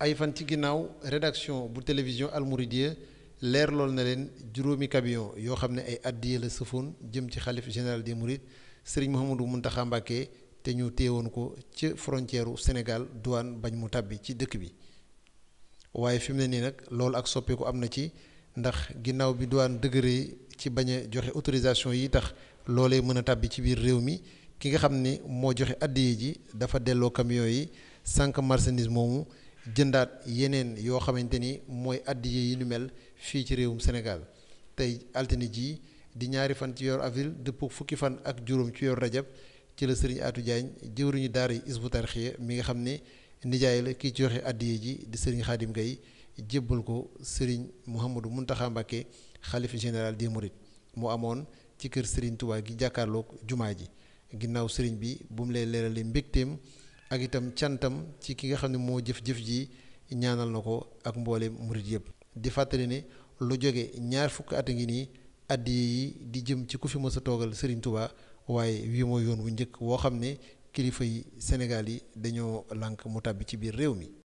ay fan ci ginnaaw rédaction bu télévision almouridiya leer lool na leen juróomi camion yoo xam ne ay addiya la sëfoon jëm ci xalif général des mourides sëriñ Mouhamadou Mountakha Mbacké te ñu téewoon ko ci frontière u Sénégal douane bañ mu tàbbi ci dëkk bi waaye fi mu ne nii nag loolu ak soppeeku am na ci ndax ginnaaw bi duwaan dëgëree ci bañ a joxe autorisation yi tax loolee mën a tàbbi ci biir réew mi ki nga xam ne moo joxe addiya ji dafa delloo camion yi sànq marchandise moomu jëndaat yeneen yoo xamante ni mooy addiye yi nu mel fii ci réewum Sénégal tey altine jii di ñaari fan ci yor avril dëpp fukki fan ak juróom ci yor rajab ci la sëriñ atu Diagne jëwriñu daara Hizbut Tarqiyyah mi nga xam ne nijaay la kii joxe addiye ji di sëriñ Xaadim Gaye jébbal ko sëriñ Mouhamadou Mountakha Mbacké xalifa général des Mourides mu amoon ci kër sëriñ Touba gi jàkkaarloog jumaa ji ginnaaw sëriñ bi bumu mu lay leerale mbégteem ak itam cantam ci ki nga xam ne moo jëf-jëf ji ñaanal na ko ak mboole murit yëpp di fàttali ne lu jóge ñaar fukk at a ngi nii addiye yi di jëm ci ku fi mës a toogal Serigne Touba waaye wii moo yoon wu njëkk woo xam ne kilifa yi Sénégal yi dañoo lànk mu tàbbi ci biir réew mi